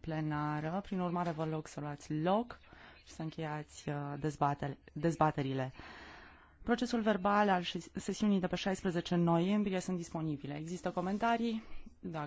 plenară. Prin urmare, vă rog să luați loc și să încheiați uh, dezbaterile. Procesul verbal al sesiunii de pe 16 noiembrie sunt disponibile. Există comentarii? Dacă